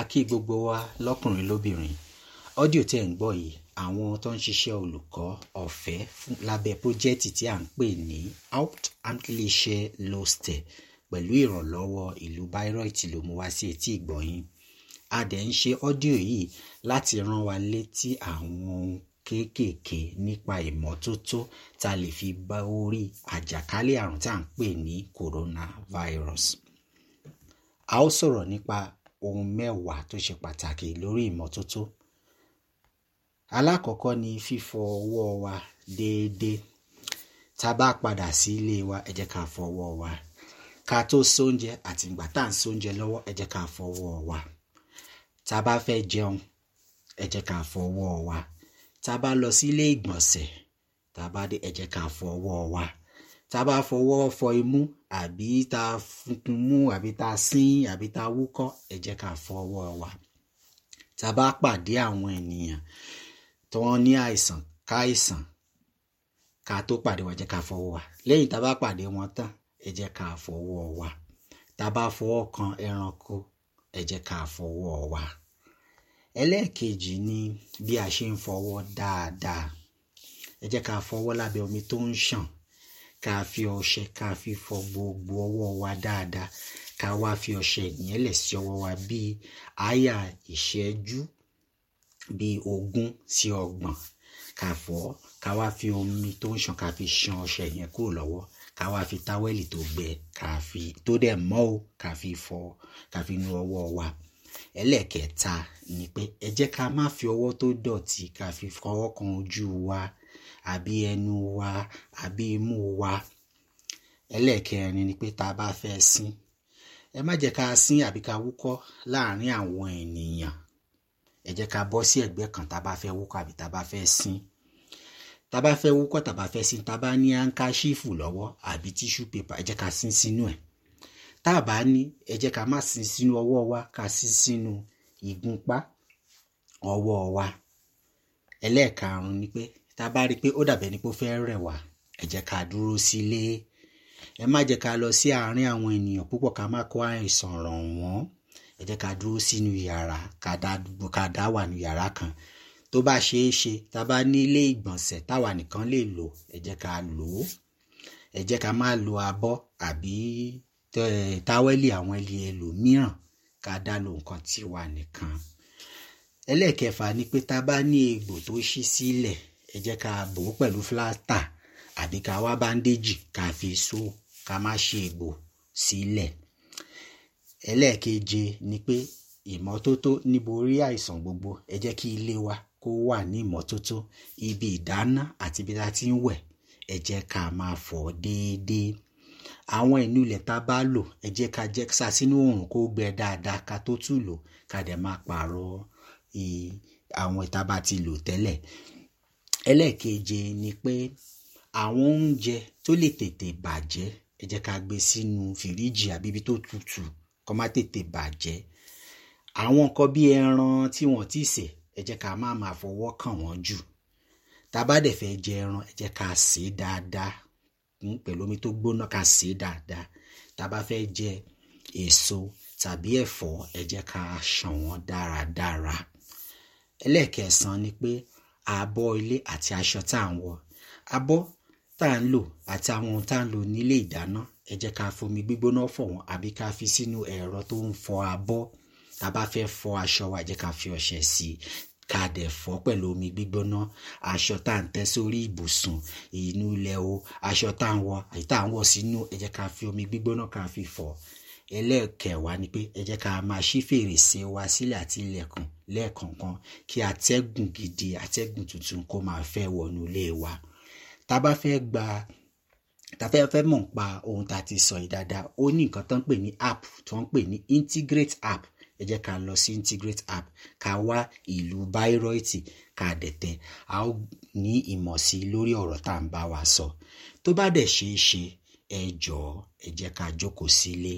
a kí gbogbo wa lọ́kùnrin lóbìnrin ọ́díò tẹ̀ ń gbọ́ yìí àwọn tó ń ṣiṣẹ́ olùkọ́ ọ̀fẹ́ lábẹ́ pọ́jẹ́tì tí à ń pè ní Haupt Amtliche Loste pẹ̀lú ìrànlọ́wọ́ ìlú Bayreuth ló mú wá sí etí ìgbọ̀yìn a dẹ̀ ń ṣe ọ́díò yìí láti rán wa létí àwọn ohun kéékèèké nípa ìmọ́tótó tá a lè fi bá orí àjàkálẹ̀ àrùn tá à ń pè ní coronavirus a ó sọ̀rọ̀ nípa ohun mẹ́wàá tó ṣe pàtàkì lórí ìmọ́tótó alákọ̀ọ́kọ́ ni fífọ ọwọ́ wa déédéé Ta ba bá padà sí ilé wa ẹ jẹ́ ká fọwọ́ wa ká tó sóúnjẹ àti ìgbà tá à ń sóúnjẹ lọ́wọ́ ẹ jẹ́ fọwọ́ wa Ta ba bá fẹ́ jẹun ẹ jẹ́ ká fọwọ́ wa Ta bá lọ sí ilé ìgbọ̀nsẹ̀ ta bá dé ẹ jẹ́ fọwọ́ wa. tá a bá fọwọ́ fọ imú àbí tá a funkun mú àbí tá a sín àbí tá a wúkọ́ ẹ jẹ́ ká fọwọ́ wa tá a bá pàdé àwọn ènìyàn tó wọ́n ní àìsàn káìsàn ká tó pàdé wọn jẹ́ ká fọwọ́ wa lẹ́yìn tá a bá pàdé wọn tán ẹ jẹ́ ká fọwọ́ wa tá a bá fọwọ́ kan ẹranko ẹ jẹ́ ká fọwọ́ wa ẹlẹ́ẹ̀kejì ni bí a ṣe ń fọwọ́ dáadáa ẹ jẹ́ ká fọwọ́ lábẹ́ omi tó ń ṣàn ká fi ọṣẹ ká fi fọ gbogbo ọwọ́ wa dáadáa ká wá fi ọṣẹ ìyẹ́lẹ̀ sí ọwọ́ wa bíi àyà ìṣẹ́jú bíi ogún sí ọgbọ̀n ká fọ ká wá fi omi tó ń ṣàn ká fi ṣan ọṣẹ yẹn kúrò lọ́wọ́ ká wá fi táwẹ́lì tó gbẹ ká fi tó dẹ̀ mọ́ o ká fi fọ ká fi nu ọwọ́ wa ẹlẹ́ẹ̀kẹta ni pé ẹ jẹ́ ká má fi ọwọ́ tó dọ̀tí ká fi fọwọ́ kan ojú wa àbí ẹnu wa àbí imú wa ẹlẹ́ẹ̀kẹrin ni pé tá a bá fẹ́ sín ẹ má jẹ́ ká sín àbí ká wúkọ́ láàrin àwọn ènìyàn ẹ jẹ́ ká bọ́ sí ẹ̀gbẹ́ kan tá a bá fẹ́ wúkọ́ àbí tá a bá fẹ́ sín tá a bá fẹ́ wúkọ́ tá a bá fẹ́ sín tá a bá ní àǹkáṣífù lọ́wọ́ àbí tíṣú pépà ẹ jẹ́ ká sín sínú ẹ̀ tá a bá ní ẹ jẹ́ ká má sín sínú ọwọ́ wa ká sín sínú ìgúnpá ọwọ́ wa ẹlẹ́ẹ̀karùn-ún ni pé tá a bá rí i pé ó dàbẹ̀ ni pé ó fẹ́ rẹ̀ wá ẹ jẹ́ ká dúró sílé ẹ má jẹ́ ká lọ sí àárín àwọn ènìyàn púpọ̀ ká má kó àìsàn ràn wọ́n ẹ jẹ́ ká dúró sínú yàrá ká dá wà ní yàrá kan tó bá ṣeé ṣe tá a bá ní ilé ìgbọ̀nsẹ̀ táwa nìkan lè lò ẹ jẹ́ ká lò ó ẹ jẹ́ ká má lo abọ́ àbí táwẹ́lì àwọn ilé ẹlòmíràn ká dá lo nǹkan tiwa nìkan ẹlẹ́ẹ̀kẹfà ni pé tá a bá ní egbò tó ṣí sílẹ̀ si ẹ jẹ́ ká bò ó pẹ̀lú fúlástà àbí ká wá báńdéjì ká fi so ká má ṣe ègbò sílẹ̀ ẹlẹ́ẹ̀keje ni pé ìmọ́tótó níborí àìsàn gbogbo ẹ jẹ́ kí ilé wa kó wà ní ìmọ́tótó ibi ìdáná àti ibi tá a ti ń wẹ̀ ẹ jẹ́ ká máa fọ̀ déédéé àwọn ìnulẹ̀ tá a bá lò ẹ jẹ́ ká jẹ́ sá sínú oòrùn kó gbẹ dáadáa ká tó tù lò ká dẹ̀ máa pààrọ̀ àwọn ìta ti lò tẹ́lẹ̀ ẹlẹ́ẹ̀keje ni pé àwọn oúnjẹ tó lè tètè bàjẹ́ ẹ jẹ́ ká gbé sínú fìríjì àbí ibi tó tutù kó má tètè bàjẹ́ àwọn nǹkan bí ẹran tí wọ́n ti sè ẹ jẹ́ ká má máa fọwọ́ kàn wọ́n jù tá dẹ̀ fẹ́ jẹ ẹran ẹ jẹ́ ká sè é dáadáa hmm, pẹ̀lú omi tó gbóná ká sè é dáadáa tá fẹ́ jẹ èso tàbí ẹ̀fọ́ ẹ jẹ́ ká ṣàn wọ́n dáradára ẹlẹ́ẹ̀kẹsàn ni pé ààbọ̀ ilé àti aṣọ tá à ń wọ̀ abọ́ tá à ń lò àti àwọn ohun tá à ń lò nílé ìdáná ẹ jẹ́ ká fomi gbígbóná fọ̀ wọ́n àbí ká fi sínú ẹ̀rọ tó ń fọ abọ́ tá a bá fẹ́ fọ aṣọ wa jẹ́ ká fi ọṣẹ sí i ká dẹ̀ fọ́ pẹ̀lú omi gbígbóná aṣọ tá à ń tẹ́ sórí ìbùsùn inú ilẹ̀ o aṣọ tá à ń wọ̀ àyí tá à ń wọ̀ sínú ẹ jẹ́ ká fi omi gbígbóná ká fi fọ̀ ẹlẹ́ẹ̀kẹwàá ni pé ẹ jẹ́ ká máa ṣí fèrèsé wa sílẹ̀ àti ilẹ̀kùn lẹ́ẹ̀kọ̀ọ̀kan kí atẹ́gùn gidi atẹ́gùn tuntun kó máa fẹ́ wọnú ilé wa tá a bá fẹ́ gba tá a fẹ́ fẹ́ mọ̀ pa ohun tá a ti sọ yìí dáadáa ó ní nǹkan tó ń pè ní app tó ń pè ní integrate app ẹ jẹ́ ká lọ sí integrate app ká wá ìlú báírọ́ìtì ká dẹ̀tẹ̀ a ó ní ìmọ̀ sí i lórí ọ̀rọ̀ tá à ń bá wa sọ tó bá dẹ̀ ṣeé ṣe ẹ jọ̀ọ́ ẹ jẹ́ ká jókòó sílé